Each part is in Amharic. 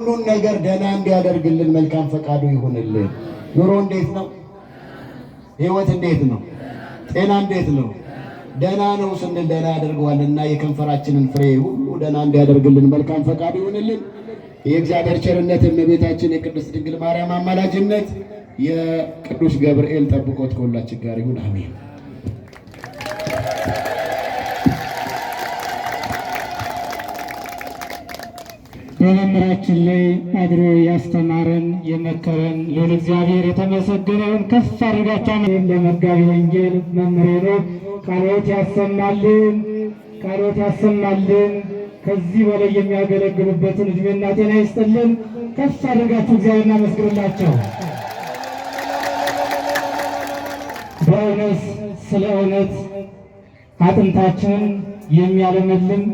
ሁሉን ነገር ደህና እንዲያደርግልን መልካም ፈቃዱ ይሁንልን። ኑሮ እንዴት ነው? ህይወት እንዴት ነው? ጤና እንዴት ነው? ደህና ነው ስንል ደህና ያደርገዋልና እና የከንፈራችንን ፍሬ ሁሉ ደህና እንዲያደርግልን መልካም ፈቃዱ ይሁንልን። የእግዚአብሔር ቸርነት፣ የእመቤታችን የቅድስት ድንግል ማርያም አማላጅነት፣ የቅዱስ ገብርኤል ጠብቆት ከሁላችን ጋር ይሁን። አሜን። በመምህራችን ላይ አድሮ ያስተማረን የመከረን ልዑል እግዚአብሔር የተመሰገነውን ከፍ አድርጋችሁ ለመጋቢ ወንጌል መምህሬ ቃሎት ያሰማልን ቃሎት ያሰማልን። ከዚህ በላይ የሚያገለግሉበትን እድሜና ጤና ይስጥልን። ከፍ አድርጋችሁ እግዚአብሔር እናመስግንላቸው። በእውነት ስለ እውነት አጥንታችንን የሚያለመልም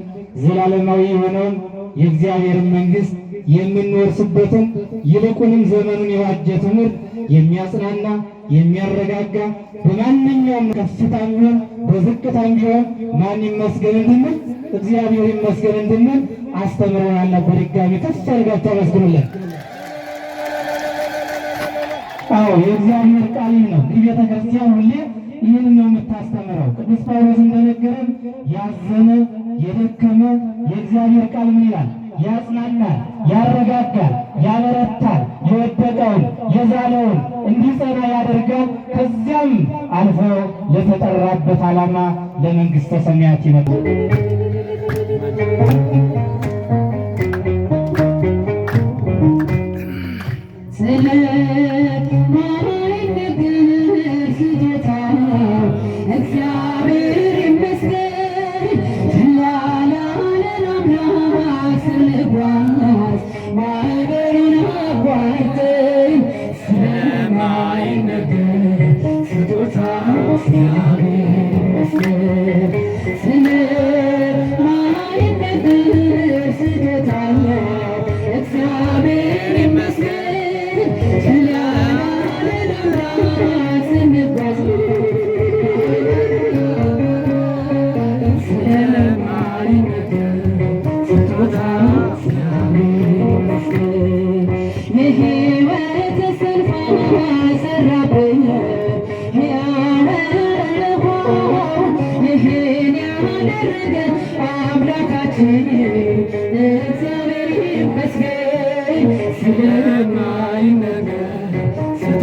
ዘላለማዊ የሆነውን የእግዚአብሔርን መንግሥት የምንወርስበትን ይልቁንም ዘመኑን የዋጀ ትምህርት የሚያጽናና የሚያረጋጋ በማንኛውም ከፍታም ቢሆን በዝቅታም ቢሆን ማን ይመስገን እንድንል እግዚአብሔር ይመስገን እንድንል አስተምረናል። ነበር። በድጋሚ ከፍ አድርጋችሁ አመስግኑለን። አዎ የእግዚአብሔር ቃል ነው። እንግዲህ ቤተ ክርስቲያን ሁሌ ይህን ነው የምታስተምረው። ቅዱስ ጳውሎስ እንደነገረን ያዘነ የደከመ የእግዚአብሔር ቃል ምን ይላል? ያጽናናል፣ ያረጋጋል፣ ያበረታል፣ የወደቀውን የዛለውን እንዲጸና ያደርጋል። ከዚያም አልፎ ለተጠራበት ዓላማ ለመንግሥተ ሰማያት ይመጣል። እግዚአብሔር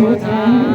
ቦታ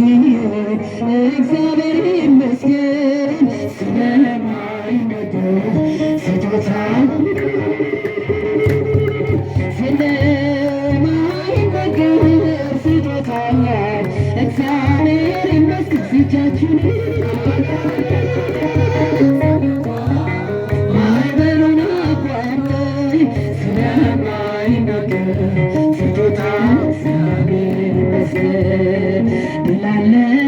እግዚአብሔር ይመስገን ስለማይነገር ስጦታ ስለማይነገር ስጦታ ላለ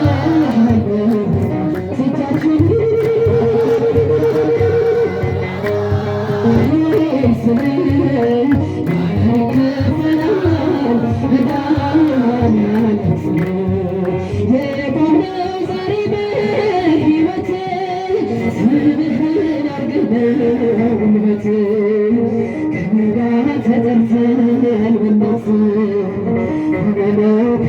በእናት ከመዳን ተጠርተናል በእናት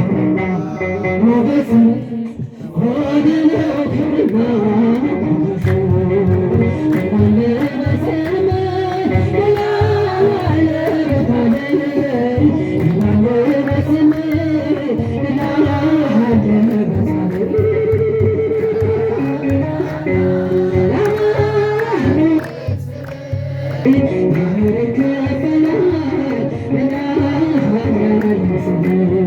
ですね。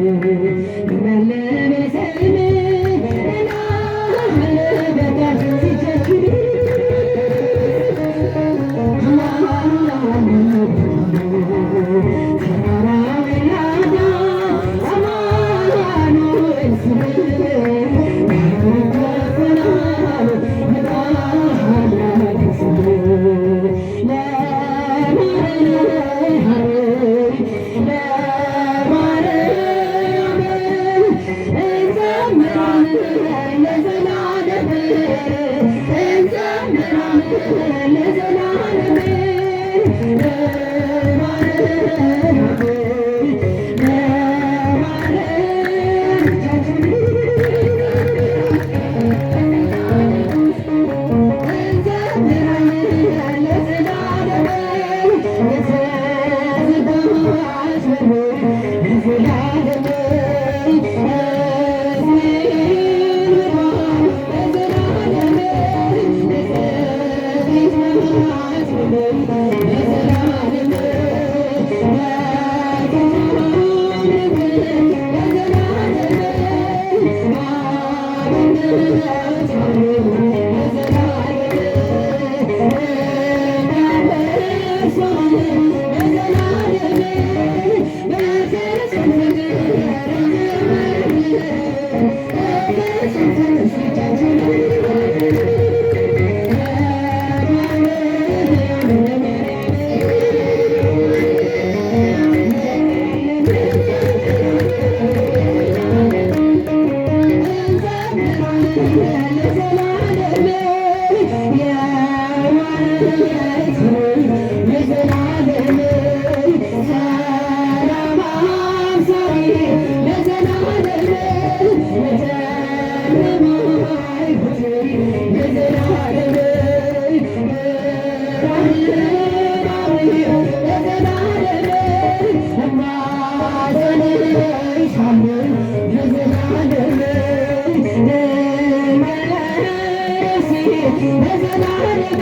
भजनारे